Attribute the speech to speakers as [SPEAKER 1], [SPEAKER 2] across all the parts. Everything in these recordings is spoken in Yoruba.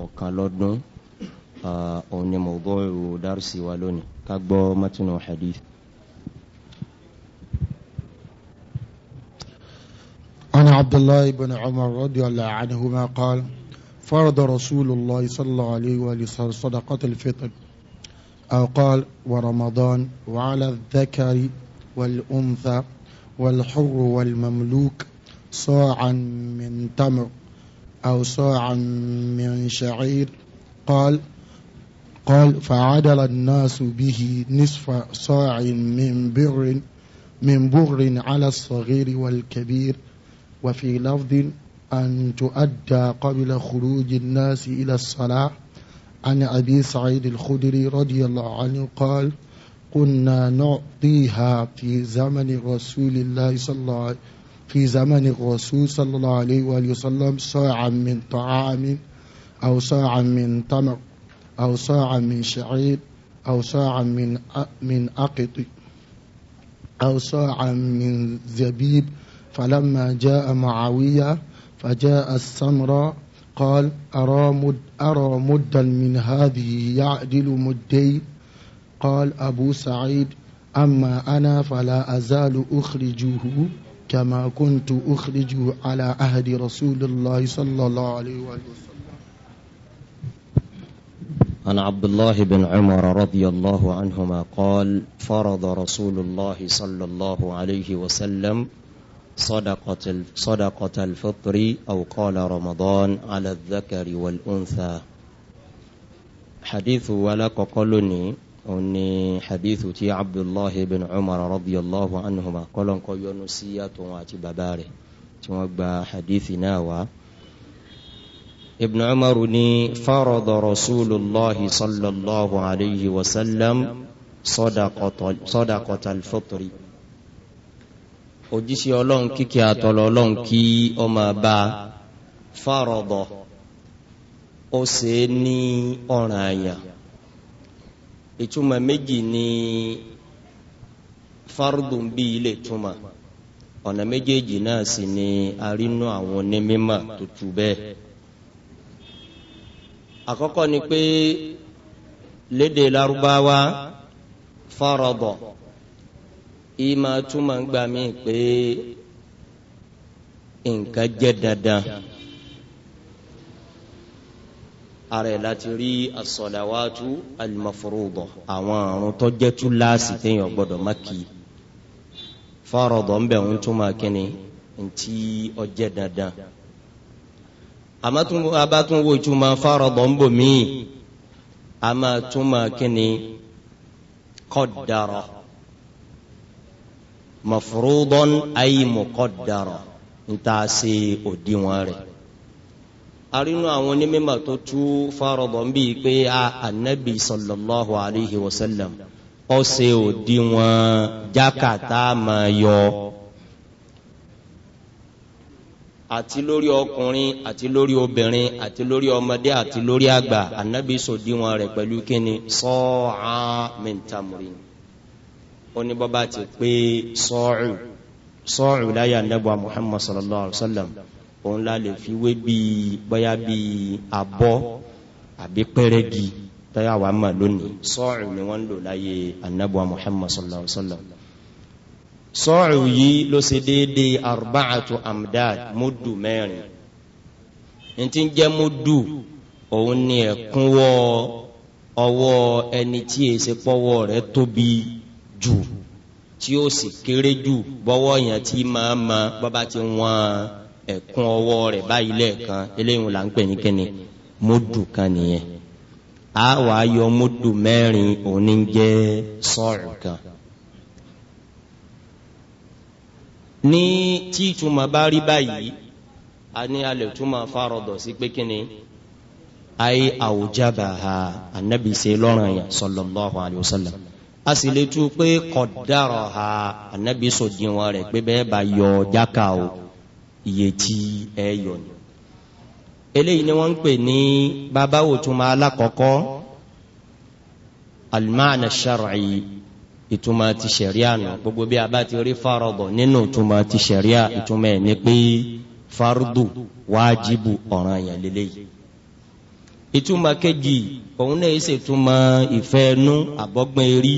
[SPEAKER 1] ọ̀kan lọ́dún òun ni mọ̀gbọ́n ìwò dárúsí wa lónìí ká gbọ́ mọ́túnú hadith.
[SPEAKER 2] عن عبد الله بن عمر رضي الله عنهما قال فرض رسول الله صلى الله عليه وسلم صدقة الفطر أو قال ورمضان وعلى الذكر والأنثى والحر والمملوك صاعا من تمر أو صاعا من شعير قال قال فعدل الناس به نصف صاع من بر من بر على الصغير والكبير وفي لفظ أن تؤدى قبل خروج الناس إلى الصلاة عن أبي سعيد الخدري رضي الله عنه قال كنا نعطيها في زمن رسول الله صلى الله عليه وسلم في زمن الرسول صلى الله عليه وآله وسلم صاعا من طعام أو صاعا من تمر أو صاعا من شعير أو صاعا من من أقط أو صاعا من زبيب فلما جاء معاوية فجاء السمراء قال أرى مد أرى مدا من هذه يعدل مدين قال أبو سعيد أما أنا فلا أزال أخرجه كما كنت أخرج على عهد رسول الله صلى الله عليه وسلم
[SPEAKER 1] عن عبد الله بن عمر رضي الله عنهما قال فرض رسول الله صلى الله عليه وسلم صدقة صدقة الفطر أو قال رمضان على الذكر والأنثى حديث ولا قلني oni hadithu ti abdullahi bin umar radiyallahu anhuma kọlọnkọ yọnu sí àtòun àti bàbá rẹ̀ tí wọ́n gba hadithi náà wá. ibn umar ni farada rasulullahi sallallahu alayhi wa sallam sadaqata alfitri. ojúṣe ọlọ́run kíkẹ́ àtọ̀lọ́ ọlọ́run kí ọmọ bá farada ó ṣe é ní ọ̀ràn àyàn ìtumọ̀ méjì ni fardun bí ilé ìtumọ̀ ọ̀nà méjèèjì náà sì ni arínú àwọn onímọ̀ tó tu bẹ́ẹ̀. àkọ́kọ́ ni pé lédè lárúbáwá fọ́rọ̀bọ̀ ìmọ̀ túmọ̀ ń gbà mí pé nǹkan jẹ́ dandan ara ẹ̀ láti rí as-salawatu al-mafruḍah àwọn àrùn tó jẹ́ tú láàsì téèyàn gbọ́dọ̀ má kì í fárọ̀dọ̀ ń bẹ̀ ń túmọ̀ kínni ntí ọjẹ́ dandan abatunwo ìtumọ̀ fárọ̀dọ̀ ń bò míì a máa túmọ̀ kínni qaddara mafruḍan ay muqaddara ń tà sí òdiwọ̀n rẹ̀ arínú àwọn onímọ̀ tó tú fárọ̀bọ̀ ń bíi pé a anabi sallallahu alayhi wa sallam ọ̀sẹ̀ òdiwọ̀n jákàtà máa yọ àti lórí ọkùnrin àti lórí obìnrin àti lórí ọmọdé àti lórí àgbà anabi sòdiwọ̀n rẹ̀ pẹ̀lú kíni sọ́ọ̀á mẹ́ntàmùrìn oníbọ́bá ti pé sọ́ọ̀rù sọ́ọ̀rù láyà anabi muhammad sallallahu alayhi wa sallam òun la lè fi wé bíi bóyá bíi abọ́ àbí pẹ́rẹ́gì tọ́yà wà mà lónìí sọ́ọ̀rù ni wọ́n ń lò láyé anabuwa muhammad sallallahu alaihi wa sallam sọ́ọ̀rù yìí ló ṣe déédéé arba'atu amdad mudu mẹ́rin ní ti ń jẹ́ mudu òun ni ẹ̀kúnwọ́ ọwọ́ ẹni tí èsì pọ́wọ́ rẹ̀ tóbi jù tí ó sì kéré jù bọ́wọ́ yẹn tí máa ma bọ́ba ti wọ́n ẹ̀kún ọwọ́ rẹ̀ báyìí lẹ́ẹ̀kan eléyìí là ń pè ní kíni módù kan nìyẹn a wàá yọ módù mẹ́rin òní jẹ́ sọ́ọ̀rù kan. ní tí ìtumọ̀ bá rí báyìí a ní alẹ́ ìtumọ̀ fárọ̀dọ̀ sí pé kíni ayé àwùjábà ha anabi ṣe lọ́rùn yẹn sallallahu alayhi wa sallam a sì lè tu pé kọ̀dárọ̀ ha anabi sọ̀dínwó rẹ̀ pé bẹ́ẹ̀ bá yọ jákà o iye tí ẹ yọ ni. eléyìí ni wọ́n ń pè ní babawo túmọ̀ alákọ̀ọ́kọ́ alimaana shar'i ìtumọ̀ ti sẹ̀ríà nù gbogbo bí a bá ti rí farabọ̀ nínú ìtumọ̀ ti sẹ̀ríà ìtumọ̀ ẹ̀ ní pé fardu wajibu ọ̀ràn yẹn lélẹ́yìí. ìtumọ̀ kejì òun náà ṣe ìtumọ̀ ìfẹ́ nú àbọ́gbọ́n erí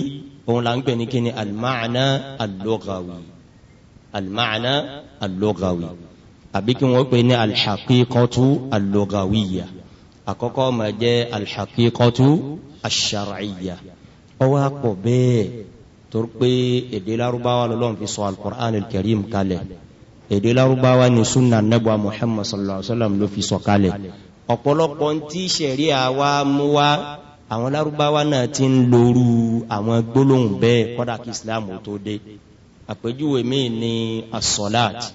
[SPEAKER 1] òun là ń pè ní kíni alimaana alughawi alimaana alughawi àbí kí wọ́n pè ní alḥaqiqatu alugawiyya àkọ́kọ́ máa jẹ́ alḥaqiqatu ashar'iyya ọwọ́ àpọ̀ bẹ́ẹ̀ torí pé èdè Lárúbáwá lọ́lọ́run fi sọ alukur'an alkarim kalẹ̀ èdè Lárúbáwá ni sunna nebà Muhammad sallallahu alaihi wa sallam ló fi sọ kalẹ̀ ọ̀pọ̀lọpọ̀ ntí sẹ̀ríà wa mú wa àwọn Lárúbáwá náà ti ń lóru àwọn gbólóhùn bẹ́ẹ̀ kọ́dà kí Islam tó dé àpèjúwe mi ni asọ́láàtì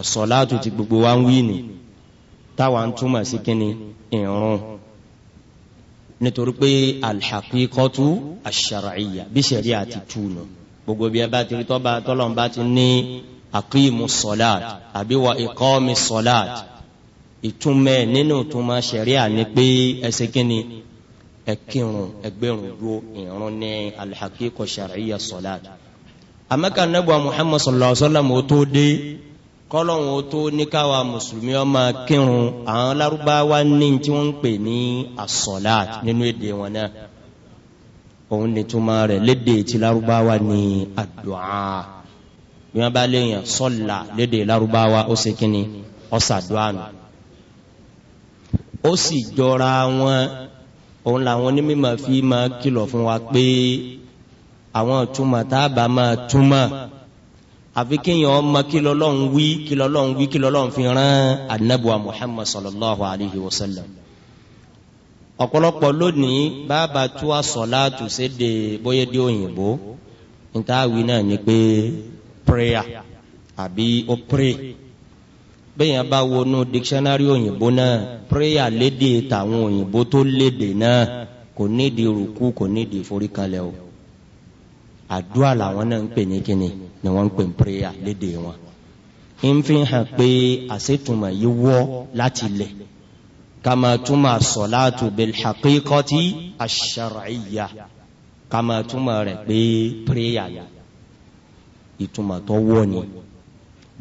[SPEAKER 1] àsọ̀láàtù ti gbogbo wa ń wí ni táwa ń túmọ̀ sí kíni ìrun nítorí pé alḥàkíkọ́tù àṣàràyà bí sẹ̀rí àti túnú gbogbo bí ẹ bá ti rí tọ́ba tọ́lọ́n bá ti ní àkímù sọ̀láàt àbí wa ìkọ́mi sọ̀láàt ìtúmẹ̀ nínú ìtúmọ̀ sẹ̀rí àní pé ẹsẹ̀ kíni ẹkírun ẹgbẹrun dúró ìrun ní alḥàkíkọ́ sàràyà sọ̀láàt. àmẹ́ka nẹ́bùa muhammad sallallahu alayhi dé kọ́lọ́hún tó ní káwa mùsùlùmí ọmọ kírun àwọn lárúbáwá ní tí wọ́n ń pè ní asọ̀lá nínú èdè wọn náà òun ní túmọ̀ rẹ̀ léde tí lárúbáwá ní àdúà bí wọ́n bá léèyàn sọ́là léde lárúbáwá ó ṣe kínní ọ̀sàdúà nù ó sì jọra wọn òun làwọn onímọ̀ fi máa kìlọ̀ fún wa pé àwọn túmọ̀ tá a bá máa túmọ̀ àfi kéèyàn ọmọ kí lọ́lọ́run wí kí lọ́lọ́run wí kí lọ́lọ́run fi rán anabuwa muhammad sallallahu alayhi wa sallam ọ̀pọ̀lọpọ̀ lónìí bàbá tó a sọ̀láàtù séde bóyá dé òyìnbó níta wí náà ni pé prayer àbí ó pray bẹ́ẹ̀yàn bá wọnú dictionary òyìnbó náà prayer léde tàwọn òyìnbó tó léde náà kò nídìí rùkú kò nídìí foríkalẹ̀ o àdúrà làwọn náà ń pè ní kíni ni wọ́n ń pè ní prayer léde wọn. ń fi hàn pé àṣetùmọ̀ yìí wọ́ láti lẹ̀ kama tuma sọ̀láàtù bil haqiqati ash-shar'iyya kama tuma rẹ̀ pé prayer ni ìtumọ̀ tó wọ́ ni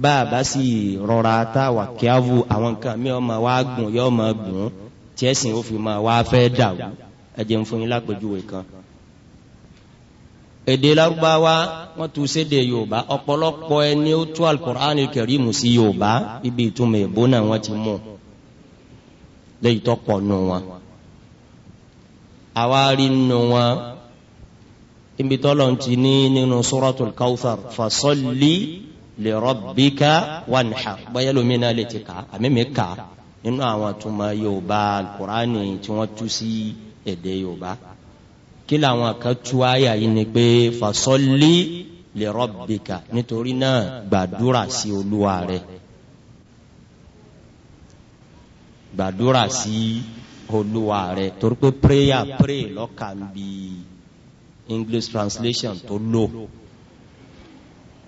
[SPEAKER 1] bá a bá sì rọra tá a àwọn nǹkan mi ọmọ wa gùn yọ ọmọ gùn tí ẹ̀sìn ó fi máa wá fẹ́ dà ẹ jẹun fún yín lápẹjúwe kan èdè lárúbáwá wọn tún séde yorùbá ọ̀pọ̀lọpọ̀ ẹni ó tún alukur'an kẹrìmù sí yorùbá ibi ìtumọ̀ èbó náà wọ́n ti mú lẹ́yìn tó pọ̀ nù wọn. àwa rí nù wọn ibi tọ́lọ̀ ń ti ní nínú suratul kawthar fasalli li rabbika wanhar bóyá lómi náà lè ti kà àmì mi kà nínú àwọn àtúmọ̀ yorùbá alukur'an tí wọ́n tú sí èdè yorùbá kí làwọn kan tú àyà yìí ni pé fasọ́lì li rabbika nítorí náà gbàdúrà sí olúwa rẹ gbàdúrà sí olúwa rẹ torí pé prayer pray lọ́kàn bí English translation tó lò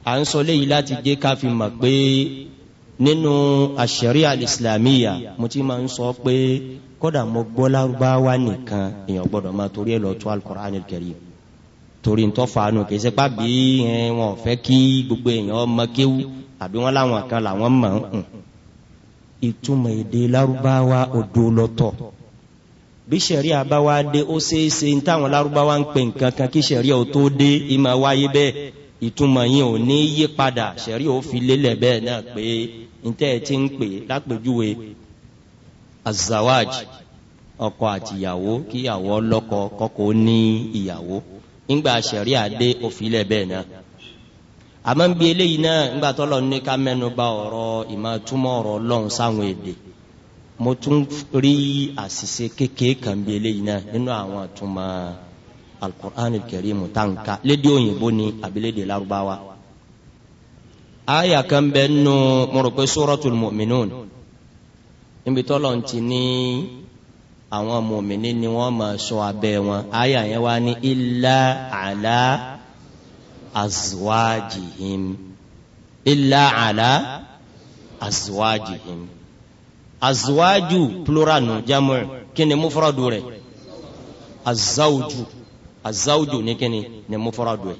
[SPEAKER 1] à ń sọ léyìí láti jẹ́ ká fi mọ̀ pé nínú àṣẹ̀rí al mo ti máa ń sọ pé kódà mo gbọ́ lárúbáwá nìkan èèyàn gbọ́dọ̀ máa torí ẹ̀ lọ tó alukur'an kẹrìm torí ntọ́ fanu kì í ṣe pa bí wọn fẹ́ kí gbogbo èèyàn ọmọ kéwú àbí wọn làwọn kan làwọn mọ̀ ń ìtumọ̀ èdè lárúbáwá odò lọ́tọ̀ bí sẹ̀rí àbáwá dé ó ṣeé ní táwọn lárúbáwá ń pè nǹkan kan kí sẹ̀rí ò tó dé ìmọ̀ wáyé bẹ́ẹ̀ ìtumọ̀ yín ò ní yí padà sẹ̀rí ò fi lélẹ̀ bẹ́ẹ̀ náà pé ntẹ́ ẹ ti ń pè lápèjúwe azawaj ọkọ àtìyàwó kíyàwó ọlọ́kọ kọ́kọ́ ní ìyàwó ńgbà sẹ̀rí àdé òfìlẹ̀ bẹ́ẹ̀ náà àmọ́ bí eléyìí náà ńgbà tọ́lọ̀ ní ká mẹ́nu bà ọ̀rọ̀ ìmọ̀túmọ̀ ọ̀rọ̀ ọlọ́run sáwọn èdè mo tún rí àṣìṣe kékeré kan bí eléyìí náà nínú àwọn àtúmọ̀ alukur'an kẹrìmù táǹkà lédè òyìnbó ni àbílédè lárúbáwá. àyà kan bẹ́ẹ̀ nù mo rò pé suratul mu'minun níbi tọ́lọ̀ ń ti ní àwọn mòmìnì ni wọ́n máa ṣọ́ abẹ́ wọn àyà yẹn wá ní illa ala azwajihim illa ala azwajihim azwaju plural nù jamu kí ni mufradu rẹ̀ azawju azawju ní kí ni ni mufradu rẹ̀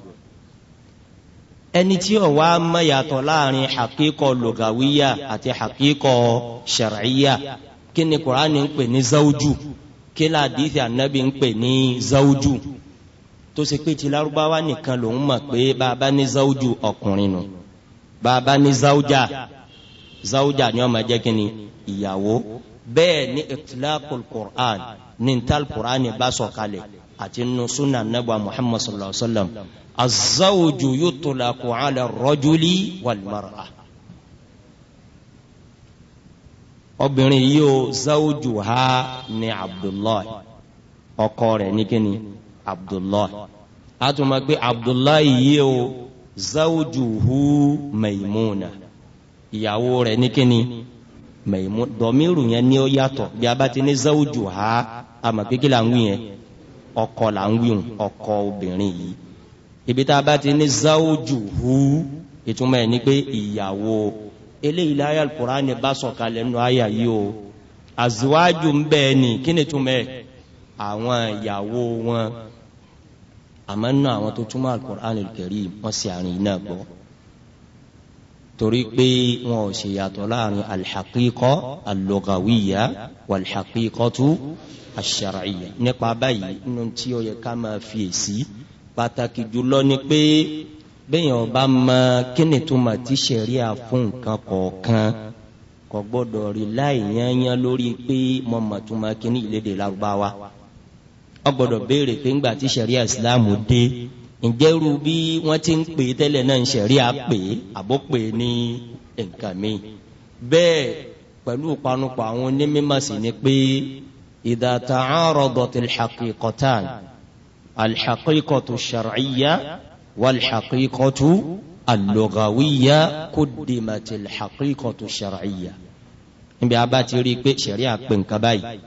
[SPEAKER 1] ẹni tí ó wá mọ yàtọ̀ láàrin hakíkọ lùgàwíyà àti hakíkọ shar'iyya kí ni kuraani ń pè ní zawju kí ni àdìsí ànábì ń pè ní zawju tó ṣe pé ti lárúbáwá nìkan lòún mọ̀ pé bàbá ní zawju ọkùnrin nù bàbá ní zawja zawja ni ó jẹ́ kí ni ìyàwó bẹ́ẹ̀ ni itlaqul qur'an ní ntal qur'an bá sọ̀kalẹ̀ àti nusunna nabuwa muhammadu sallallahu alaihi wa sallam azawuju yutulaku ala rọjuli walmara obìnrin yìí o zawuju ha ni abdullahi ọkọ rẹ̀ ní kíni abdullahi a tún máa gbé abdullahi yìí o zawuju hu maimuna ìyàwó rẹ̀ ní kíni maimuna dọ̀míìrù yẹn ni ó yàtọ̀ bí a bá ti ní zawuju ha a mọ̀ ń wí yẹn ọkọ là ń wí ọkọ obìnrin yìí ibi tá a bá ti ní zawjuhu ìtumọ̀ ẹ̀ ní pé ìyàwó eléyìí láyà alukur'ani bá sọ̀kalẹ̀ nù àyà yìí o azuwájú ń bẹ́ẹ̀ ni kí ni túmọ̀ ẹ̀ àwọn ìyàwó wọn àmọ́ nù àwọn tó túmọ̀ alukur'ani karim wọ́n sì àrùn yìí náà gbọ́ torí pé wọn ò ṣe yàtọ̀ láàrin alḥaqiqọ alugawiyya walḥaqiqọtu ash-shar'iyya nípa báyìí nínú tí ó yẹ ká máa fi èsì. Si pàtàkì jùlọ ni pé bẹ́yìn ọba mọ kíni tó mà ti ṣẹ̀ríà fún nǹkan kọ̀ọ̀kan kò gbọ́dọ̀ rí láì yányán lórí pé mo mà tó mà kíni ìlédè lárúbáwá ọ gbọ́dọ̀ béèrè pé ńgbà tí ṣẹ̀ríà ìsìláàmù dé ǹjẹ́ irú bí wọ́n ti ń pè é tẹ́lẹ̀ náà ń ṣẹ̀ríà pè é àbó pè é ní nǹkan mi bẹ́ẹ̀ pẹ̀lú ìpanupọ̀ àwọn onímọ̀ sí ni pé idha ta'aradat al alḥaqiqatu sharciya walḥaqiqatu alugawiya kudimati alḥaqiqatu sharciya. níbi a bá ti rí i pé sẹ̀rí àpè nǹkan báyìí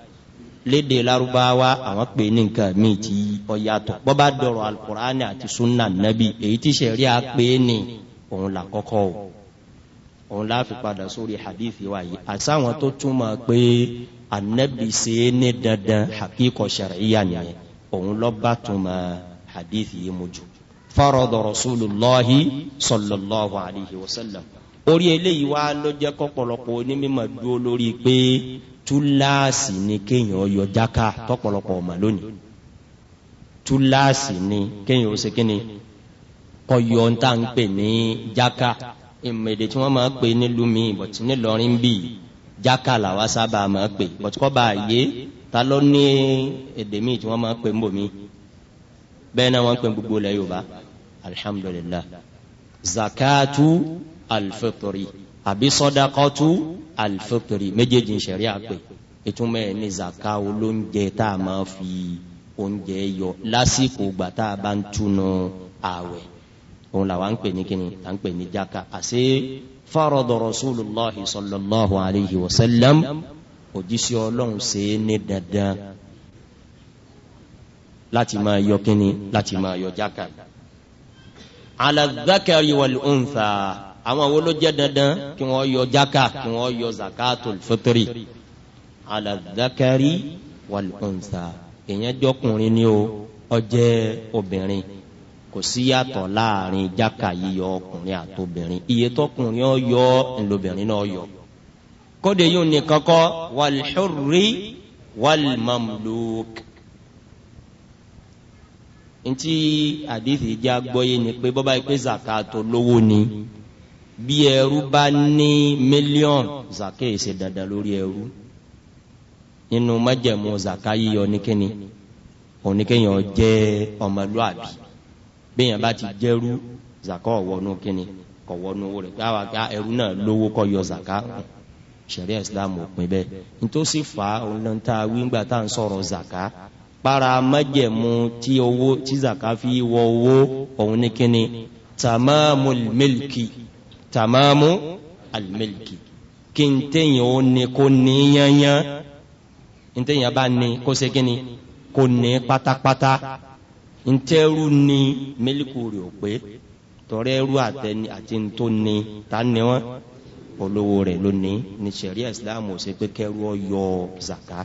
[SPEAKER 1] léde larubawa àwọn pè ní nǹkan míì tí ó yàtọ̀ bọ́ bá dọ̀rọ̀ alukur'ani àti sunna nabi èyí tí sẹ̀rí àpè ní òun là kọ́kọ́ o òun la padà sórí hadith wa yìí àtàwọn tó túmọ̀ pé anabi ṣe ní dandan hakíkọ̀ sẹ̀ríyà nìyẹn òun lọ bá tuma hadithi yìí mu jù farada rasulullahi sallallahu alayhi wa sallam orí eléyìí wá ló jẹ́ kọ́pọ̀lọpọ̀ onímọ̀ dúró lórí pé túláàsì ni kéèyàn yọ jáká tọ́pọ̀lọpọ̀ ọmọ lónìí túláàsì ni kéèyàn ó ṣe kí ni kọ́ yọ ń ń pè ní jáká ìmọ̀èdè tí wọ́n máa ń pè nílùú mi bọ̀tí nílọrin bíi jáká làwa sábà máa ń pè bọ̀tí kọ́ bá yé ta ló ní èdè míì tí wọ́n máa ń pè ń bò mí bẹ́ẹ̀ náà wọ́n ń pè gbogbo ilẹ̀ yorùbá alhamdulillah zakatu alfitri àbí sọdakọtu alfitri méjèèjì ń ṣẹ̀rí àpè ìtumọ̀ ẹ̀ ní zaka olóúnjẹ tá a máa fi oúnjẹ yọ lásìkò gbà tá a bá ń túnu ààwẹ̀ òun làwọn ń pè ní kíni à ń pè ní jaka àṣé farada rasulullahi sallallahu alayhi wa sallam òjíṣẹ́ ọlọ́run ṣe é ní dandan láti máa yọ kínní láti máa yọ jáka ala dhakari wal untha àwọn wo ló jẹ́ dandan kí wọ́n yọ jáka kí wọ́n yọ zakatul fitri ala dhakari èèyàn jọkùnrin ni o ọjẹ́ obìnrin kò sí yàtọ̀ láàrin jáka yíyọ ọkùnrin àtobìnrin iye tọkùnrin ọ yọ ńlọbìnrin náà yọ kóde yóò nìkan kọ́ wàlhúrì wàlmàmlúk. ntí àdìsí jẹ́ agbọ́yé ni pé bọ́bá yìí pé zakato lówó ni bí ẹrú bá ní mílíọ̀nù zaka ṣe dandan lórí ẹrú nínú májẹ̀mú zaka yíyọ níkíni oníkéyàn jẹ́ ọmọlúàbí béèyàn bá ti jẹ́rú zaka ọ̀wọ́nú kíni kọ̀wọ́nú rẹ̀ káwa ká ẹrú náà lówó kọ́ yọ zaka. Okay sẹ̀ríà islam ò pin bẹ́ẹ̀ nítòsí fa òun náà tá a wí ńgbà tá à ń sọ̀rọ̀ zaka para májẹ̀mú tí owó tí zaka fi wọ owó òun ní kíni tamamu milki tamamu almilki kí n téyàn ó ní kó ní yányán n téyàn bá ní kó ṣe kíni kó ní pátápátá n tẹ́rù ní mílíkù rẹ̀ ò pé tọ́rẹ́rù àtẹni àti ntó ní ta olówó rẹ̀ lónìí ní sẹ̀ríà ìsìláàmù ò ṣe pé kẹ́rù ọ yọ zaka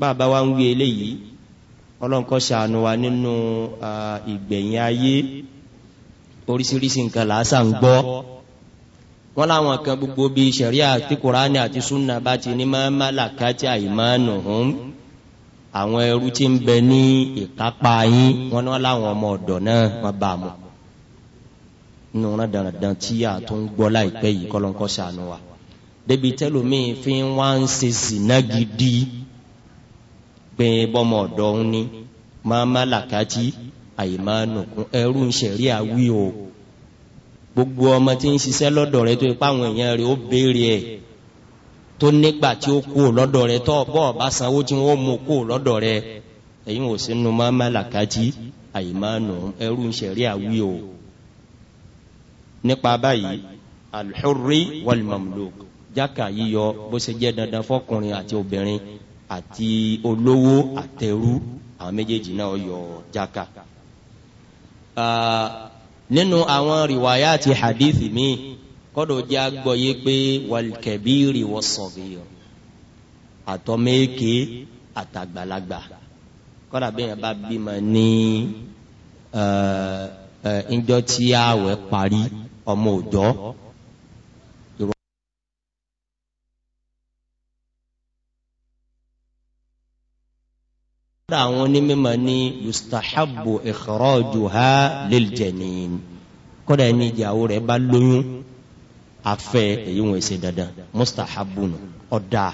[SPEAKER 1] bàbá wa ń wí eléyìí ọlọ́nkọ́ ṣàánú wa nínú ìgbẹ̀yìn ayé oríṣiríṣi nǹkan làásà ń gbọ́ wọn làwọn kan gbogbo bíi sẹ̀ríà tí kuraani àti sunna bá ti ní máa má làkàtì àìmánu hùn àwọn ẹrú tí ń bẹ ní ìkápá yín wọn náà làwọn ọmọ ọ̀dọ̀ náà wọn bá a mọ̀ nùnà dandan tí a tó ń gbọ́ láìpẹ́ yìí kọ́lọ́nkọ́ sànù wa débi tẹ́lómìn fi wá ń ṣe zina gidi pé bọ́mọ ọ̀dọ́ ń ní máa má làkàtì àyè máa nùkún ẹrú ń ṣẹ̀rí àwí o gbogbo ọmọ tí ń ṣiṣẹ́ lọ́dọ̀ rẹ tó ipá àwọn èèyàn rẹ ó béèrè ẹ̀ tó nígbà tí ó kú lọ́dọ̀ rẹ tó bọ́ọ̀ bá sanwó tí wọ́n mú kú lọ́dọ̀ rẹ ẹ̀yin ò sínú máa má làkàtì àyè máa nù ẹrú ń ṣẹ̀rí àwí o nípa báyìí alḥurri walmamluk jaka yíyọ bó ṣe jẹ́ dandan fọkùnrin àti obìnrin àti olówó àtẹrú àwọn méjèèjì náà yọ jaka. nínú àwọn rìwáyà àti hadithi mi kọ́dọ̀ jẹ́ agbọ́yé pé walkebiri wọ́sọ̀gìyàn àtọ́mẹ́kẹ́ àtàgbàlagbà kọ́dà bí yẹn bá bímọ ní ǹjọ́ tí ààwẹ̀ parí ọmọ òjọ́ kódà àwọn onímọ̀ ní yustahabu ikhrajuha liljanin kódà ẹni ìyàwó rẹ̀ bá lóyún afẹ́ èyí wọn ṣe dandan mustahabu nù ọ̀dà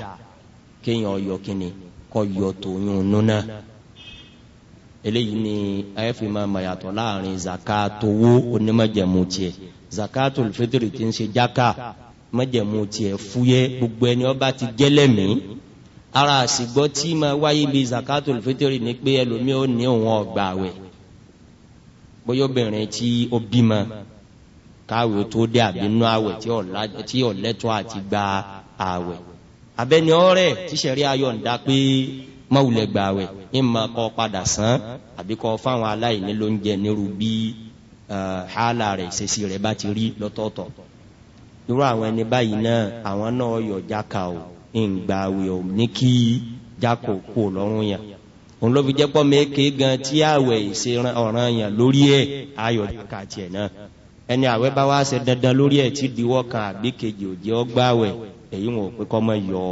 [SPEAKER 1] kéèyàn ọyọ kínní kọ́ yọ tòyún núná eléyìí ni ayẹ́fì máa mọ̀ láàrin zaka onímọ̀jẹ̀mú tiẹ̀ zakatul fitiri ti ń ṣe jaka mọ́jẹ̀mú tiẹ̀ fúyẹ́ gbogbo ẹni ọba ti jẹ́lẹ̀mí ara àsìgbọ́ tí ma wáyé bíi zakatul fitiri ni pé ẹlòmíì ò ní òun ọgbà wẹ̀ bóyá obìnrin tí ó bímọ káwé tó dé àbínú àwẹ̀ tí ọ̀lẹ́tọ̀ àti gba àwẹ̀ abẹ́ni ọ̀rẹ́ tíṣẹ̀rí ayọ̀ǹda pé mọ́wulẹ̀ gbà wẹ̀ ìmọ̀ kọ́ padà sán àbíkọ́ fáwọn aláìní ló ń jẹ nírú bíi hàlà rẹ̀ ìṣesí rẹ̀ bá ti rí lọ́tọ̀ọ̀tọ̀ irú àwọn ẹni báyìí náà àwọn náà yọ jáka o ìgbàwé o ní kí jákò kó lọ́rùn yàn òun ló fi jẹ́ pọ́ méke gan tí àwẹ̀ ìṣe ọ̀ràn yàn lórí ẹ̀ ayọ̀ jáka tiẹ̀ náà ẹni àwẹ̀ bá wá ṣe dandan lórí ẹ̀ tí diwọ́ kan àbí kejì òjì ọgbàwẹ̀ èyí wọn ò pé kọ́ mọ́ yọ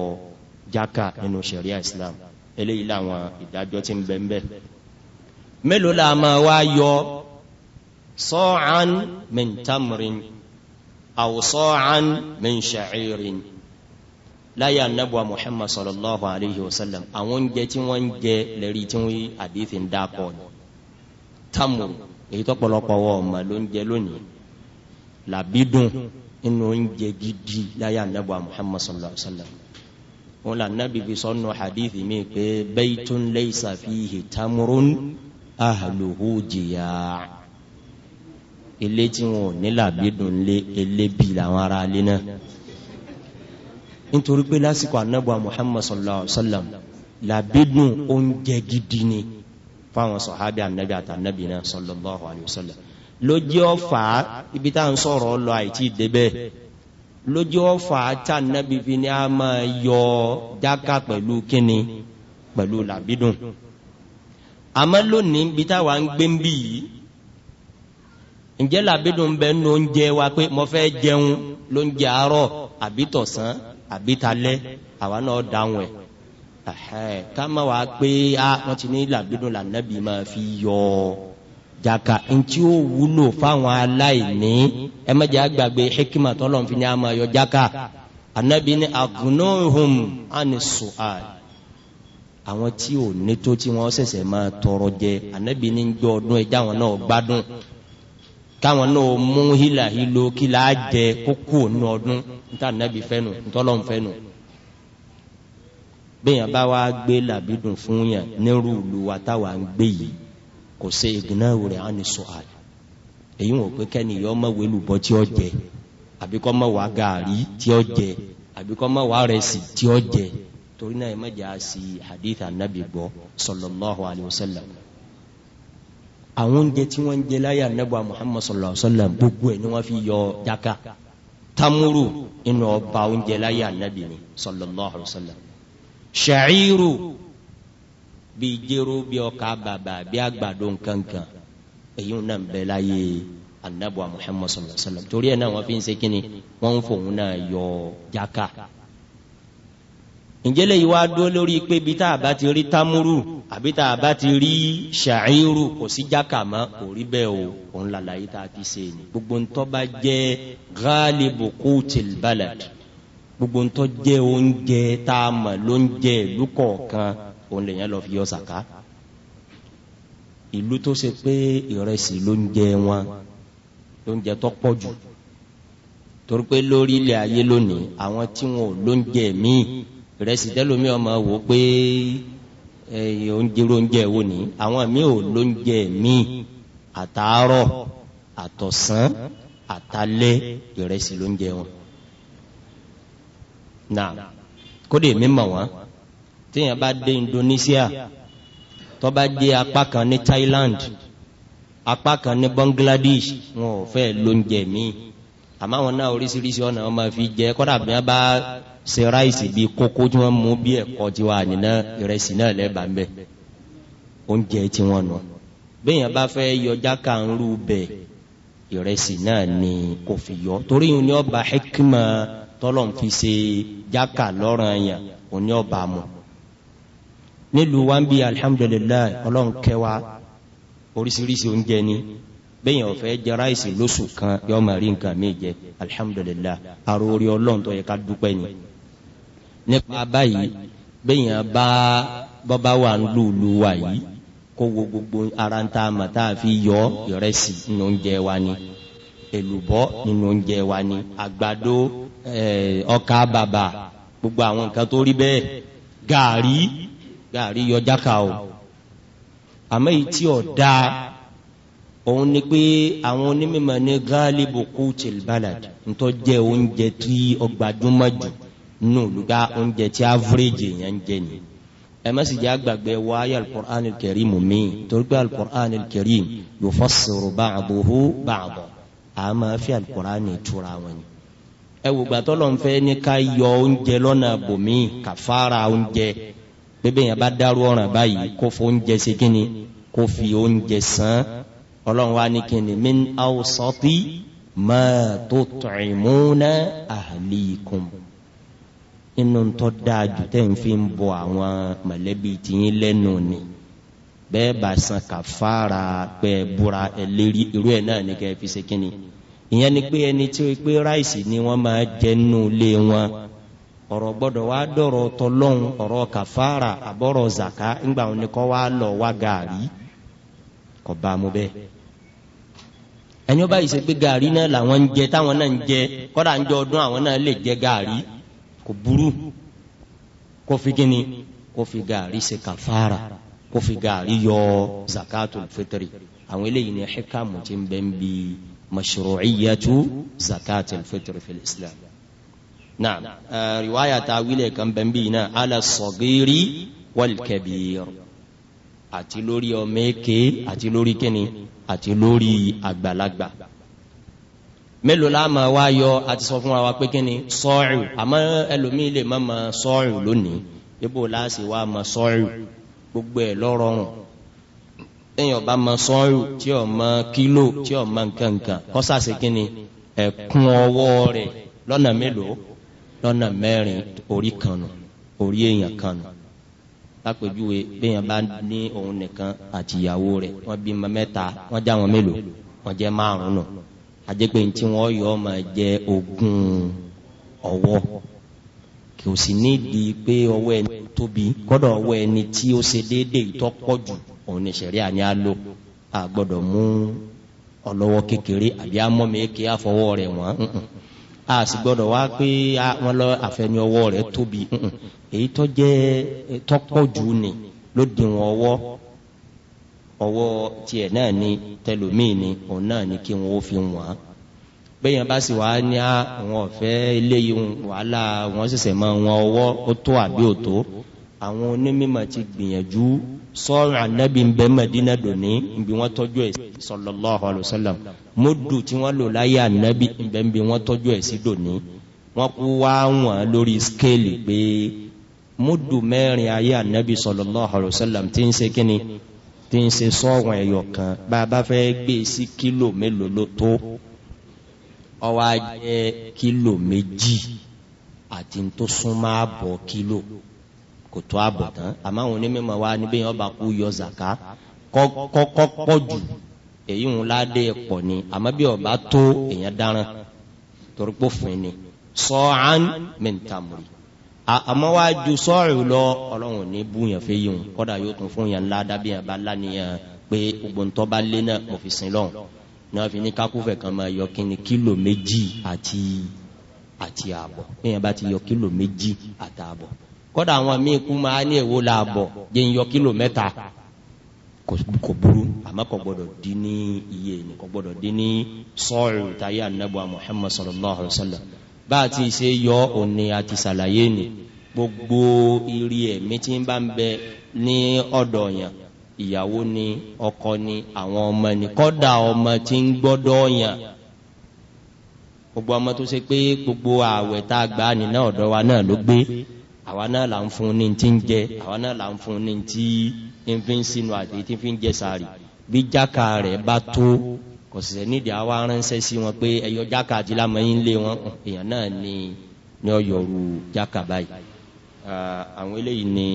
[SPEAKER 1] jáka nínú sẹ̀ríà Islam eléyìí làwọn ìdájọ́ ti ń bẹ́ńbẹ́ mélòó la máa wá yọ sa'an min tamrin aw sa'an min sha'irin láyé anábọ̀ muhammad sallallahu alayhi wa sallam àwọn oúnjẹ tí wọ́n ń jẹ lẹ́rí tí wọ́n àdéhìí ń dákọ̀ ni tamur èyí tó pọ̀lọpọ̀ wọ ọmọ ló ń jẹ lónìí làbídùn inú oúnjẹ gidi láyé anábọ̀ muhammad sallallahu alayhi wa sallam wọn là nábì fi sọnù hadithi mi pé baytun laysa fihi tamurun ahluhu jìyà ilé tí wọn ò ní làbídùn lé elébi làwọn ará ilé náà nítorí pé lásìkò anábọ̀ muhammad sallallahu alaihi wa sallam làbídùn oúnjẹ gidi ni fáwọn sọ̀hábí anábì àtànábì náà sallallahu alaihi wa sallam lójú ọ̀fà ibi tá à ń sọ̀rọ̀ lọ àìtí débẹ̀ lójú ọ̀fà tànábì fi ni a máa yọ dáká pẹ̀lú kíni pẹ̀lú làbídùn àmọ́ lónìí ibi táwa ń gbé ń bì yìí ǹjẹ́ làbídùn bẹ ń oúnjẹ wa pé mo fẹ́ jẹun ló ń jẹ àárọ̀ àbí tọ̀sán àbí talẹ́ àwa náà dáhùn ẹ̀ ká má wàá pé a ah, wọ́n ti ní làbídùn lànàbí máa fi yọ jàkà ntí ó wúlò fáwọn aláìní ẹ má jẹ́ àgbàgbé hikima tọ́lọ̀ fi ní a máa yọ jàkà ànàbí ní agunohum anisual àwọn tí ò ní tó tí wọ́n ṣẹ̀ṣẹ̀ máa tọrọ jẹ ànàbí ní jọ ọdún ẹja wọn náà gbádùn káwọn náà mú hílà hílo kí là á jẹ kókó nù ọdún níta nàbí fẹnu ntọ́lọ́n fẹnu bẹ́ẹ̀yàn bá wá gbé làbídùn fún yàn nírú ìlú wa táwa ń gbé yìí kò ṣe ìgbìnáwó rẹ̀ á ní sọ àlè èyí wọn pé kẹ́niyàn ọmọ wẹlú bọ́ tí ó jẹ àbí kọ́ mọ̀ wá gàárì tí ó jẹ àbí kọ́ mọ̀ wá rẹsì tí ó jẹ torí náà ẹ má sí hadith anabi gbọ́ sallallahu alayhi wa sallam àwọn oúnjẹ tí wọ́n ń jẹ láyé anábọ̀ Muhammad sallallahu alaihi wasallam gbogbo ẹ̀ ni wọ́n fi yọ jaka tamuru inú ọba oúnjẹ láyé anábì ni sallallahu alaihi wasallam ṣàìrù bí jéró bí ọkà bàbà bí àgbàdo nkankan èyí náà ń bẹ láyé anábọ̀ Muhammad sallallahu alaihi wasallam torí ẹ̀ náà wọ́n fi ń ṣe kíni wọ́n ń fòun náà yọ jaka ìjẹ́lẹ̀ yìí wá dúró lórí pé bí tá a bá ti rí támúrù àbí tá a bá ti rí ṣàìrù kò sí jákà mọ́ kò rí bẹ́ẹ̀ o òun làlàyé tá a ti ṣe ni. gbogbo ntọ́ bá jẹ́ ghalibu qutil balad gbogbo ntọ́ jẹ́ oúnjẹ tá a mọ̀ ìlú kọ̀ọ̀kan òun lèyàn lọ fi yọ sàká. ìlú tó ṣe pé ìrẹsì ló wọn ló tó pọ̀ jù torí pé lórí ilẹ̀ ayé lónìí àwọn tí wọn ò ló míì pẹ̀rẹ́sìtẹ́lómi ọmọ wò pé ẹyìn oúnjẹ oúnjẹ wo ni àwọn mi ò lóúnjẹ mi àtàárọ̀ àtọ̀sán àtalẹ́ ìrẹsì lóúnjẹ wọn. nà kódé mi mọ̀ wọ́n téèyàn bá dé Indonesia tó bá dé apá kan ní Thailand apá kan ní Bangladesh wọn ò fẹ́ lóúnjẹ mi àmọ́ àwọn náà oríṣiríṣi ọ̀nà wọn máa fi jẹ kọ́dà bí wọ́n bá ṣe ráìsì bi kókó tí wọ́n mú bí ẹ̀kọ́ tí wà nínú ìrẹsì náà lẹ́bàá ń bẹ̀ oúnjẹ tí wọ́n nù bẹ́ẹ̀yàn bá fẹ́ yọjá kàńrú bẹ̀ ìrẹsì náà ni kò fi yọ torí ní ọba hekima tọ́lọ̀ ń fi ṣe jáka lọ́rùn yẹn òní ọba mọ̀ nílùú wa ń bí alihamudulilayi ọlọ́run kẹwa oríṣiríṣi oúnjẹ ni bẹ́yìn ọ̀fẹ́ jẹ ráìsì lóṣù kan yọ rí nǹkan mí jẹ alihamudulilayi aróorí ọlọ́run tó yẹ ká dúpẹ́ ni nípa báyìí bẹ́yìn bá bọ́bá wà ń lùlù wà yìí kó wo gbogbo ara ń ta mà tá a fi yọ ìrẹsì nínú oúnjẹ wa ni èlùbọ́ nínú oúnjẹ wa ni àgbàdo eh, ọkà bàbà gbogbo àwọn nǹkan tó rí bẹ́ẹ̀ gàárì gàárì yọ jáka o àmọ́ èyí tí ò dáa òun ni pé àwọn onímọ̀ ní gáálíbù kú tìlbàlàd ntọ́ jẹ́ oúnjẹ tí ọgbàdúnmọ̀ jù nù lùgbà oúnjẹ tí áfúrẹ́jì yẹn ń jẹ ni ẹ má sì jẹ́ àgbàgbé wáyà alukur'an kẹrìm mi torí pé alukur'an kẹrìm yóò fọ́ sọ̀rọ̀ báàbòhó báàbọ̀ àmọ́ fi alukur'an tura wọn ni ẹ wò gbàtọ́ lọ́n fẹ́ ní ká yọ oúnjẹ lọ́nà bòmí ká fara oúnjẹ bébè yẹn bá dárú ọ̀ràn báyìí kó fọ oúnjẹ sí kíni kó fi oúnjẹ san ọlọ́run wa ní kíni min awsati ma tut'imuna ahlikum. inú tó dáa tẹ́ ń fi bọ àwọn mọ̀lẹ́bí tìyín lẹ́nu ni bẹ́ẹ̀ bá san kàfàrà pé búra ẹlẹ́rìí irú ẹ̀ náà ni kẹ́ ẹ fi ṣe kínni ìyẹn ni pé ẹni tí ó pé ráìsì ni wọ́n máa jẹ nínú ilé wọn ọ̀rọ̀ gbọ́dọ̀ wá dọ̀rọ̀ tọlọ́hun ọ̀rọ̀ kàfàrà àbọ̀rọ̀ zàká ńgbà wọn ni kọ́ wá lọ wá gàrí kọ́ bá mu kò burú kó fi gíní kó fi gàrí ṣe kàfàrà kó fi gàrí yọ zakatul fitri àwọn eléyìí ni xikamu ti ń bẹ ń bi mashruciyatu zakatul fitri fil islam. naam riwaaya ta wílẹ̀ kan bẹ ń bi iná ala sọ̀gírí wàlkẹ́bìr àti lórí ọmọ àti lórí kíni àti lórí àgbàlagbà mélòó láàmà wá yọ àti sọ fún wa pé kí ni sọ́ọ̀rù àmọ́ ẹlòmíì lè má ma sọ́ọ̀rù lónìí yóò láàṣì wá ma sọ́ọ̀rù gbogbo ẹ̀ lọ́rọ̀rùn èèyàn bá ma sọ́ọ̀rù tí ò ma kílò tí ò ma nkankan kọ́sàsì kí ni ẹ̀kún ọwọ́ rẹ̀ lọ́nà mélòó lọ́nà mẹ́rin orí kan nù orí èèyàn kan nù lápèjúwe béèyàn bá ní òun nìkan àtìyàwó rẹ̀ wọ́n bí ma mẹ́ta wọ́n já wọn mélòó wọ́n jẹ́ márùn-ún nù àjẹpẹ́ ntí wọ́n yọ ọ́ máa jẹ ogún ọwọ́ kò sì ní di pé ọwọ́ ẹni tóbi kọ́dọ̀ ọwọ́ ẹni tí ó ṣe déédéé ìtọ́pọ̀ jù òun ní sẹ̀ríà ni a lò a gbọ́dọ̀ mú ọlọ́wọ́ kékeré àbí amọ́mẹ́kẹ́ àfọwọ́ rẹ̀ wọ́n a sì gbọ́dọ̀ wá pé wọ́n lọ àfẹnú ọwọ́ rẹ̀ tóbi èyí tó jẹ́ tọ́pọ̀ ni ló dì ọwọ́ ọwọ́ tiẹ̀ náà ni tẹlòmíì ni òun náà ni kí wọn ó fi wọn bẹ́ẹ̀ yẹn bá sì wá ní àwọn ọ̀fẹ́ eléyìí wàhálà wọn ṣẹ̀ṣẹ̀ mọ wọn ọwọ́ ó tó àbí ò tó àwọn onímọ̀ ti gbìyànjú sọ́ọ̀rọ̀ anábì ń bẹ mẹ́dínà dòní ibi wọ́n tọ́jú ẹ̀ sallallahu alaihi wasallam mọ́dù tí wọ́n lò láyé anábì ń bẹ ibi wọ́n tọ́jú ẹ̀ sí dòní wọ́n kú wá wọn lórí skéèlì pé mọ́dù mẹ́rin ayé anábì sallallahu alaihi wasallam ti ń ṣe kínni tí ń ṣe sọ́wọ́n ẹ̀yọ̀ kan bá a bá fẹ́ gbé e sí kílò mélòó ló tó ọwọ́ á jẹ́ kílò méjì àti tó súnmọ́ àbọ̀ kílò kò tó àbọ̀ tán àmọ́ àwọn onímọ̀ wa níbí yẹn ọba kú yọ zàká kọ́kọ́ pọ̀ jù èyí ń ládé pọ̀ ni àmọ́ bí ọba tó èèyàn dáràn torí pé òfin ni sọ́ọ́án mẹ́ntàmùrì àmọ́ wá ju sọ́ọ̀rù lọ ọlọ́run ní búyàn fẹ́ yìí wọn kọ́dà yóò tún fún yàn ńlá dábì yàn bá lánìyàn pé ògbóǹtọ́ bá lé náà mo fi sin lọ́hùn ní wọ́n fi ní kákúfẹ̀ kan máa yọ kíni kílò méjì àti àti ààbọ̀ bẹ́ẹ̀ bá ti yọ kílò méjì àtààbọ̀ kọ́dà àwọn míín kú máa ní èwo la àbọ̀ jẹ́ ń yọ kílò mẹ́ta kò burú àmọ́ kò gbọ́dọ̀ dín ní iye ní kò gbọ́dọ̀ dín ní sọ́ọ̀rù táyà nàbọ̀ Muhammad sallallahu alayhi wa sallam bá a ti ṣe yọ òní àti ṣàlàyé ni gbogbo irí ẹ̀mí tí ń bá ń bẹ ní ọ̀dọ̀ yàn ìyàwó ni ọkọ ni àwọn ọmọ ni kọ́dà ọmọ tí ń gbọ́dọ̀ yàn gbogbo ọmọ tó ṣe pé gbogbo ààwẹ̀ tá a gbà nínú ọ̀dọ̀ wa náà ló gbé àwa náà là ń fún ní ti ń jẹ àwa náà là ń fún ní ti ń fi ń sinu àti ti ń fi ń jẹ sàárì bí jáka rẹ̀ bá tó kò sì nídìí àwa ránṣẹ́ sí wọn pé ẹ̀yọ jáka àti lámọ̀yìn lé wọn èèyàn náà ni ní ọ̀yọ̀rù jáka báyìí àwọn eléyìí ni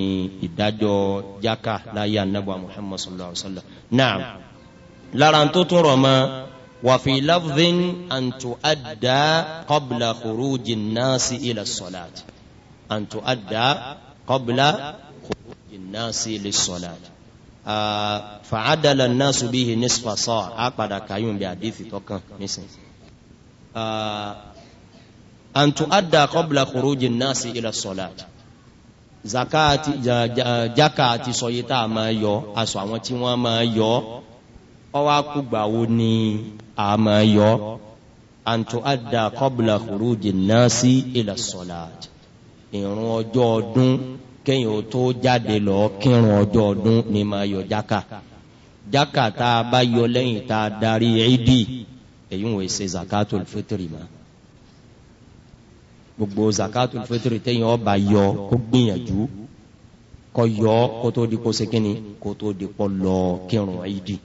[SPEAKER 1] ìdájọ́ jáka láyé anábọ̀ Muhammad sallallahu alaihi wa sallam náà lára tó tún rọ̀ mọ́ wàfi lafdhin an tu'adda qabla khuruji nnaasi ila ssalati an tu'adda qabla khuruji nnaasi lis ssalati. Ah, fàádàlà náà subí hi nísfà sọ á padà kàyún bí àdéfì tọkàn nísìn. àǹtù àdà kọ́bùlà kòrójì náà sí ilẹ̀ sọ̀lá zakati jaka àti sọyí a máa yọ aṣọ àwọn tí wọ́n máa yọ ọwọ́ akúgbà wo ni a máa yọ àǹtù àdà kọ́bùlà kòrójì náà sí ilẹ̀ sọ̀lá ìrún ọjọ́ ọdún kéyìn ó tó jáde lọ kírun ọjọ́ ọdún ní máa yọ jáka jáka tá a bá yọ lẹ́yìn tá a darí ẹ̀ẹ́dì èyí ń wò ṣe zakatul fitri ma gbogbo zakatul fitri téyìn ọba yọ kó gbìyànjú kọ yọ kó tó di kó sekínì kó tó di kó lọ kírun ẹ̀ẹ́dì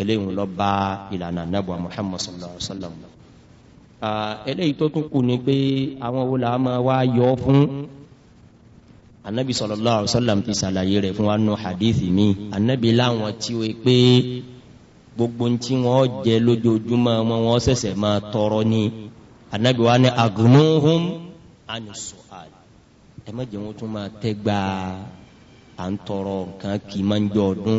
[SPEAKER 1] eléyìí lọ bá ìlànà anábọ̀ muhammad sallallahu alaihi wa sallam eléyìí tó tún kù ni pé àwọn wo la máa wá yọ fún anabi sallallahu alaihi wasallam ti ṣàlàyé rẹ̀ fún wa hadithi mi anabi láwọn tí o pé gbogbo ntí wọn jẹ lójoojúmọ́ wọn wọn ṣẹ̀ṣẹ̀ máa tọrọ ni anabi wa ni agunuhum anusual ẹ má jẹ́ wọn tún máa tẹ́ à ń tọrọ nǹkan kì í máa ń jọ ọdún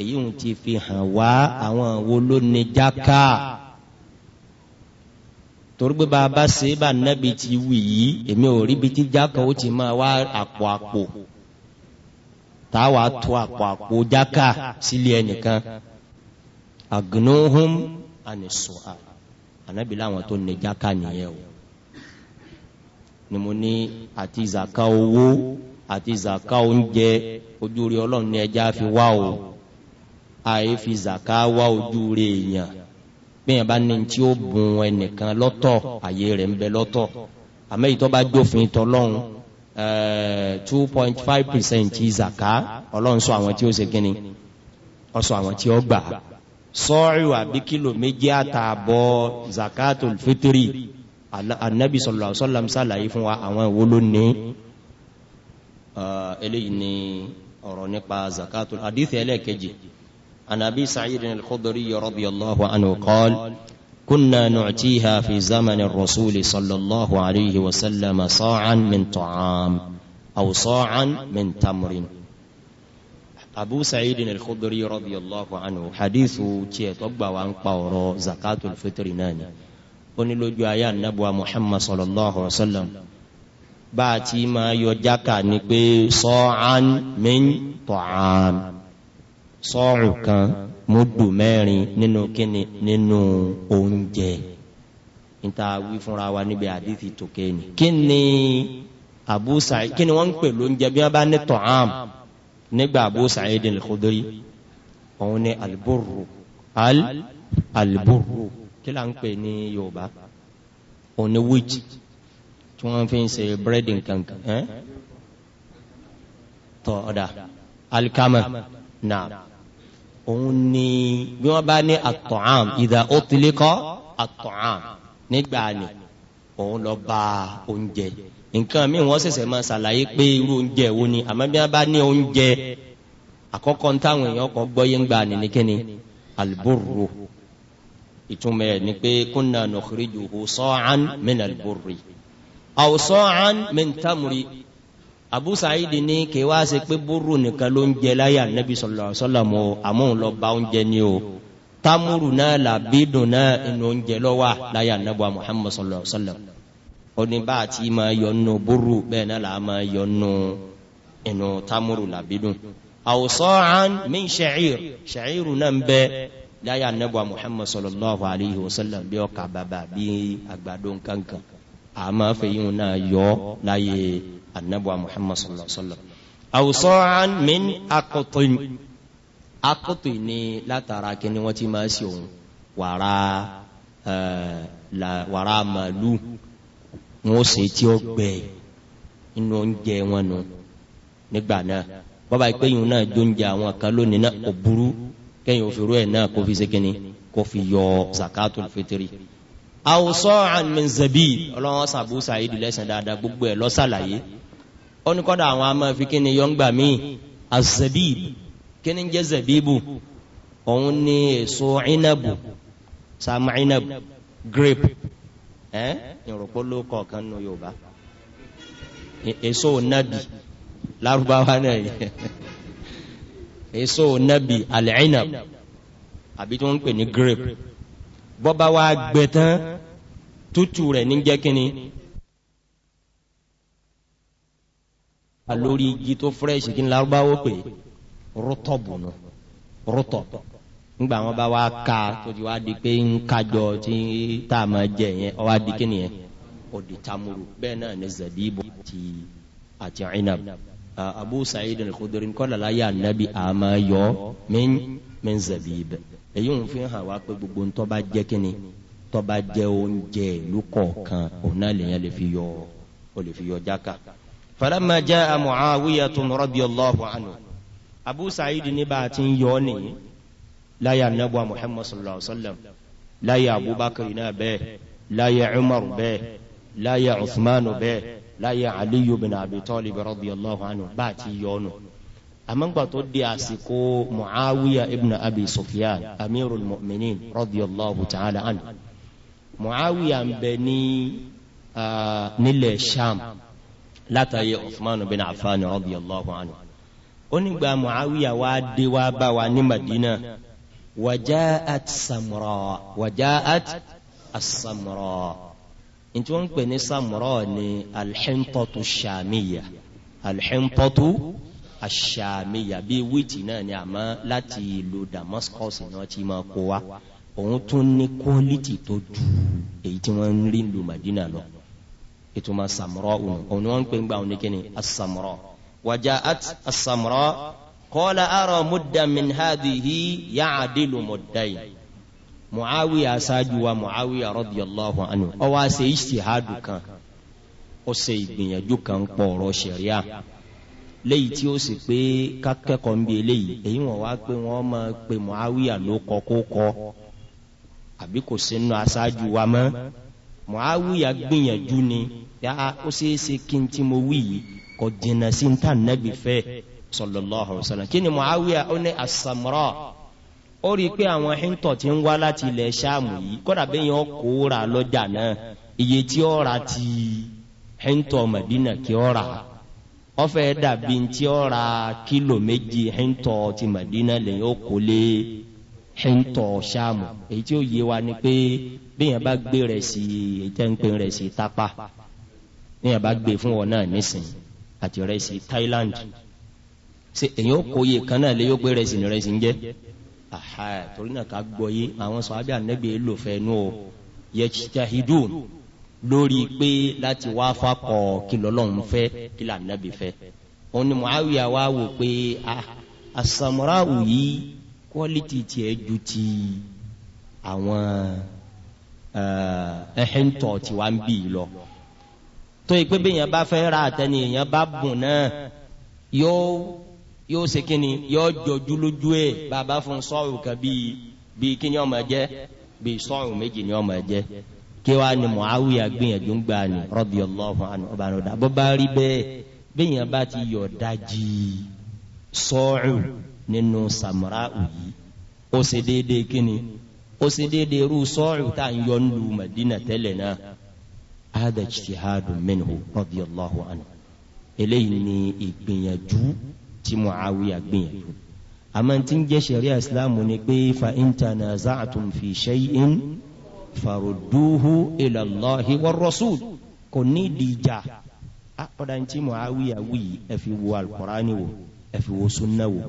[SPEAKER 1] èyí ń ti fi hàn wá àwọn wo ló ní jáká torí pé bàbá ṣe bá nábì ti wì yìí èmi ò rí ibi tí jákà ó ti máa wá àpò àpò táwa tó àpò àpò jákà sílé ẹnìkan agnohum anisu a anabi làwọn tó ní jákà nìyẹn o ni mo ní àti zaka owó àti zaka oúnjẹ ojú rí ọlọ́run ní ẹja fi wá o àyè fi zaka wá ojú rí èèyàn bẹ́ẹ̀ bá ní tí ó bùn ẹnìkan lọ́tọ̀ àyè rẹ̀ ń bẹ lọ́tọ̀ àmọ́ èyí tó bá dófin tọ́lọ́run eh, two point five percent zaka ọlọ́run sọ àwọn tí ó ṣe kínni ó sọ àwọn tí ó gbà sọ́ọ̀rì àbí kìlò méjì àtààbọ̀ zakatul fitiri anabi sọlọ sọlọm sàlàyé fún wa àwọn ìwo ló ní eh, eléyìí ni ọ̀rọ̀ nípa zakatul hadith ẹlẹ́ẹ̀kejì. عن أبي سعيد الخضري رضي الله عنه قال كنا نعتيها في زمن الرسول صلى الله عليه وسلم صاعا من طعام أو صاعا من تمر أبو سعيد الخضري رضي الله عنه حديث تيتوبا وانقاورو زكاة الفطر ناني onílójú ayé anabuwa muhammad sallallahu alaihi wa sallam bá a ti máa yọ من طعام sọ́ọ̀rù kan múdù mẹ́rin nínú kíni nínú oúnjẹ níta wí fúnra wa níbi àdìsí tòkè ni. kí ni Abu Sa'id kí ni wọ́n ń pè lóúnjẹ bí wọ́n bá ní tọ̀hám nígbà Abu Sa'id al-Khudri òun ni alburru al alburu. kí là ń pè ní Yorùbá òun ni wíjì tí wọ́n fi ń ṣe búrẹ́dì nkankan ẹ́ tọ́ ọ̀dà alikama náà òun ni bí wọ́n bá ní àtọ̀ám ìdá ó tilé kọ́ àtọ̀ám nígbà ni òun lọ bá oúnjẹ nǹkan mi wọ́n ṣẹ̀ṣẹ̀ máa ṣàlàyé pé irú oúnjẹ wo ni àmọ́ bí wọ́n bá ní oúnjẹ àkọ́kọ́ ń táwọn èèyàn kan gbọ́ ń gbà ní nìkẹ́ni alburu ìtumọ̀ ẹ̀ ni pé kúnnà nùkúrìjù sọ́ọ̀án min alburu àwòsọ́ọ̀án min tamuri abu sa'id ní kí wá ṣe pé búrú nìkan ló ń jẹ láyà nabi sallallahu alaihi wasallam o àmọ́ òun lọ bá oúnjẹ ni o tamuru náà làbí dùn náà inú oúnjẹ lọ́wọ́ láyà nabi muhammad sallallahu alaihi wasallam oní bá a ti máa yọ nù búrú bẹ́ẹ̀ náà làá máa yọ nù inú tamuru làbí dùn awsa'an min sha'ir sha'ir náà ń bẹ láyà nabi muhammad sallallahu alaihi anabuwa muhammad sallallahu alaihi wa sallam awusọ́ran min akotin akotin ni látara kini wọ́n ti máa ṣe òun wàrà eh, wàrà màlúù wọ́n ṣe tí ó gbẹ inú oúnjẹ wọn nù nígbà náà bọ́ba ìpè yìí náà jóúnjẹ àwọn kan lónìí náà kò burú kẹ́yìn òfìrú ẹ̀ náà kó fi ṣe kínní kó fi yọ zakatul fitiri awusọ́ran min zabi ọlọ́wọ́n sàbúsà yìí dùlẹ́sẹ̀ dáadáa gbogbo ẹ̀ lọ́sàlàyé ọ́nukọ́dà àwọn a fi kí ni yọ́ngbà míì azabib kí ni jẹ́ zabibu òun ni èso inabu sam inabu grape ẹ́ ìrọ̀pọ̀ ló kọ̀ọ̀kan nu yorùbá èso nabi lárúbáwá náà yẹ èso nabi alẹ́inab àbí tí wọ́n ń pè ní grape bọ́ba wa gbẹ tán tútù rẹ̀ ní jẹ́ kí ni. alórí igi tó fresh kí n lárúbáwó pé rọtọbù nù rọtọ ngba wọn bá wa ka tó ti wá di pé nkajọ tí tá a máa jẹ yẹn ọ wá di kíni yẹn òdì tamuru bẹ́ẹ̀ náà ni zabibu àti àti inab abu sa'id al-khudri kọ́lá láyé anabi àmà yọ min min zabib èyí ń fi hàn wá pé gbogbo ntọ́ bá jẹ́ kíni tọ́ bá jẹ́ oúnjẹ ìlú kọ̀ọ̀kan òun lèyàn lè fi yọ ọ lè fi yọ jáka falamma jaa Muawiyatun radiyallahu anhu Abu Sa'id ní bá a ti ń yọ ọ́ nìyí láyé anabuwa Muhammad sallallahu alaihi wa sallam láyé Abubakar náà bẹ́ẹ̀ láyé Umar bẹ́ẹ̀ láyé Uthman bẹ́ẹ̀ láyé Aliyu bin Abi Talib radiyallahu anhu bá a ti yọ ọ́ nù amangba tó di àsìkò muawiya ibn abi sufyan amirul mu'minin radiyallahu ta'ala anhu muawiya ń bẹ ní ah, nílẹ̀ sham látàyè Uthman bin Affan radiyallahu anhu onígbà Muawiya wa dé wa bá wa ní Madina wajaat Samra wajaat as-Samra ntí wọn pè ní Samra ní alḥintatu shamiya alḥintatu aṣàmìyà bíi wíìtì náà ni àmọ́ láti ìlú Damascus ni wọ́n ti máa kó wa òun tún ní kọ́lítì tó ju èyí tí wọ́n ń rí ìlú Madina lọ. No ìtumọ̀ samurọ òun òun wọn ń pè ń gbà òun kíni asamurọ wàjà at asamurọ kọ́lá arọ mudda min hadihi yaadilu muddayi muawiya asaaju wa muawiya radiyallahu anhu ọwọ́ ase ìṣtihadu kan ó ṣe ìgbìyànjú kan pọ̀ ọ̀rọ̀ sẹ̀ríà léyìí tí ó sì pé bi eléyìí èyí wọ́n wá pé wọ́n máa pe muawiya ló kọ́ kó kọ́ àbí kò sínú aṣáájú wa mọ́ muawiya gbìyànjú ni ya ah, ó ṣeéṣe kí n tí mo wí yìí kò jìnnà sí n ta kí ni muawiya ó ní ó rí pé àwọn hìntọ̀ ti ń wá láti ilẹ̀ ṣáàmù yìí kódà bẹ́ẹ̀ yẹn kó ra lọ́jà náà iye tí ó ra ti mẹ̀dínà kí ó ra dàbí tí ó ra kílò ti mẹ̀dínà lẹ́yìn ó kó lé ṣáàmù èyí tí ó yé wa ni bí yẹn bá gbé rẹ̀ sí ìtẹ́ǹpé rẹ̀ sí tápá bí yẹn bá gbé fún wọn náà àti rẹ̀ sí Thailand ṣe èyàn ó kóye kan náà lé yóò gbé rẹ̀ sí ní rẹ̀ sí ń jẹ́ àhà torí náà ká gbọ́ yé àwọn sọ abẹ́ ànẹ́gbẹ́ èlò fẹ́nu o yẹ jìjàhídù lórí pé láti wá fakọ̀ kí lọ́lọ́run fẹ́ kí lànàbì fẹ́ òun ni Muawiya wá wò pé àsàmúráwù ah, yìí kwọ́lítì tiẹ̀ ju ti àwọn ẹ̀hìn tọ̀ tí wàá ń bì í lọ. tó yẹ pé bẹ́yẹn bá fẹ́ ra àtẹni èèyàn bá bùn náà yóò yóò ṣe kíni yóò jọjú lójú ẹ̀ bàbá fún sọ́ọ̀rù kan bíi bíi kí ni ọmọ jẹ́ bíi sọ́ọ̀rù méjì ni ọmọ jẹ́ kí wàá ní Muawiya gbìyànjú ń gbà ní radiyallahu anhu ọba ní ọ̀dà bó rí bẹ́ẹ̀ bẹ́yẹn bá ti yọ̀ dájì sọ́ọ̀rù nínú samara òyì ó ṣe déédéé kíni ó sì déédéé irú sọ́ọ̀rù tá à ń yọ nílùú Madina tẹ́lẹ̀ náà hada ijtihadu minhu radiyallahu anhu eléyìí ni ìgbìyànjú tí Muawiya gbìyànjú àmọ́ tí ń jẹ́ sẹ̀ríà Islam ni pé fa in tanaza'tum fi shay'in farudduhu ila Allahi war rasul kò ní ìdíjà ah, ọ̀dà tí Muawiya wí ẹ fi wo Al-Qur'ani wo ẹ wo sunna wo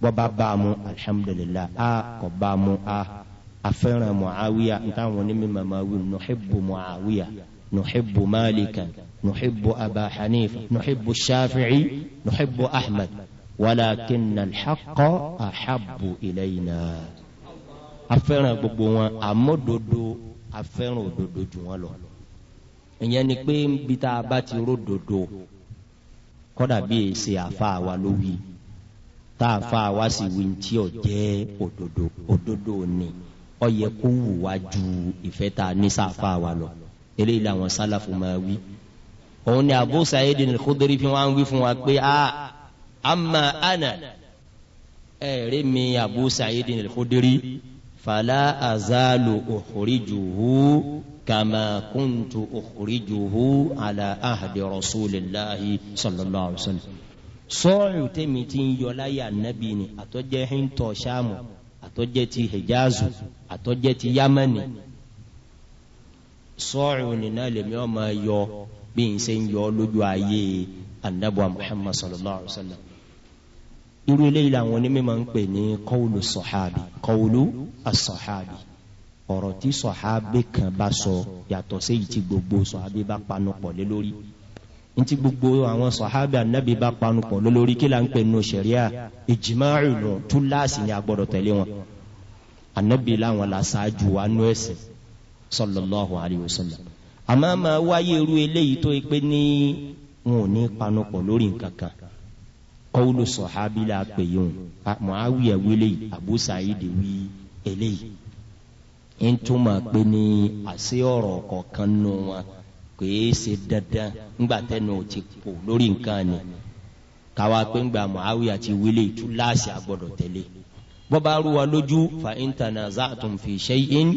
[SPEAKER 1] bọ́ba bá a mú alhamdulillah a kò bá a mú a afẹ́ràn muawiya ntàwọn onímọ̀ màmáwí nuhibbu muawiya nuhibbu malikan nuhibbu aba hanifa nuhibbu shafi'i nuhibbu ahmed walakin alḥaqqa ahabbu ilayna afẹ́ràn gbogbo wọn amódodo afẹ́ràn òdodo jù wọn lọ ìyẹn ni pé bí tá a bá ti ródodo kọ́dà bí èsì àfa wa ló wí tá fa wá sí wí tí ò jẹ́ òdodo òdodo ni ó yẹ kó wù wá ju ìfẹ́ ta ní sáfà wa lọ eléyìí làwọn sálàfù máa wí. òun ni Abu Sa'id al-Khudri fi wá ń wí fún wa pé a amma ana ẹ̀rí mi Abu Sa'id al-Khudri fala azalu ukhrijuhu kama kuntu ukhrijuhu ala ahdi rasulillahi sallallahu alaihi wa sallam sọ́ọ̀rù tèmi ti ń yọ láyé ànábì ni àtọ́jẹ́ hìntọ́ ṣáàmù àtọ́jẹ́ ti hijazu àtọ́jẹ́ ti yamani sọ́ọ̀rù nínú ẹlẹ́mi ọmọ yọ bí n ṣe ń yọ lójú ayé anabu muhammad sallallahu alaihi wa sallam irú eléyìí làwọn onímọ̀ ń pè ní kọ́wùlù sọ̀hábì kọ́wùlù asọ̀hábì ọ̀rọ̀ tí sọ̀hábì kan bá sọ yàtọ̀ sí èyí tí gbogbo ntí gbogbo àwọn sọ̀hábì ànábì bá panupọ̀ lólórí kí la ń pè nù sẹ̀ríà ìjìmáàrù nù túláàsì ni a gbọ́dọ̀ tẹ̀lé wọn ànábì làwọn la ṣáájú wa nù ẹ̀sìn sallallahu alayhi wa sallam àmọ́ máa wáyé irú eléyìí tó yẹ pé ní wọn ò ní panupọ̀ lórí nǹkan kan kọ́wúlù sọ̀hábì la pè yìí wọn Muawiya wí eléyìí Abu Sa'id wí eléyìí ń túmọ̀ pé ní àṣẹ ọ̀rọ̀ kọ̀ọ̀kan nù wọn kìí ṣe dandan ńgbà tẹnu ò ti kò lórí nǹkan ni káwa pé ńgbà Muawiya ti wílé ìtú láàṣì agbọ́dọ̀ tẹ̀lé bọ́ba rú lójú fa in tanaza'tum fi shay'in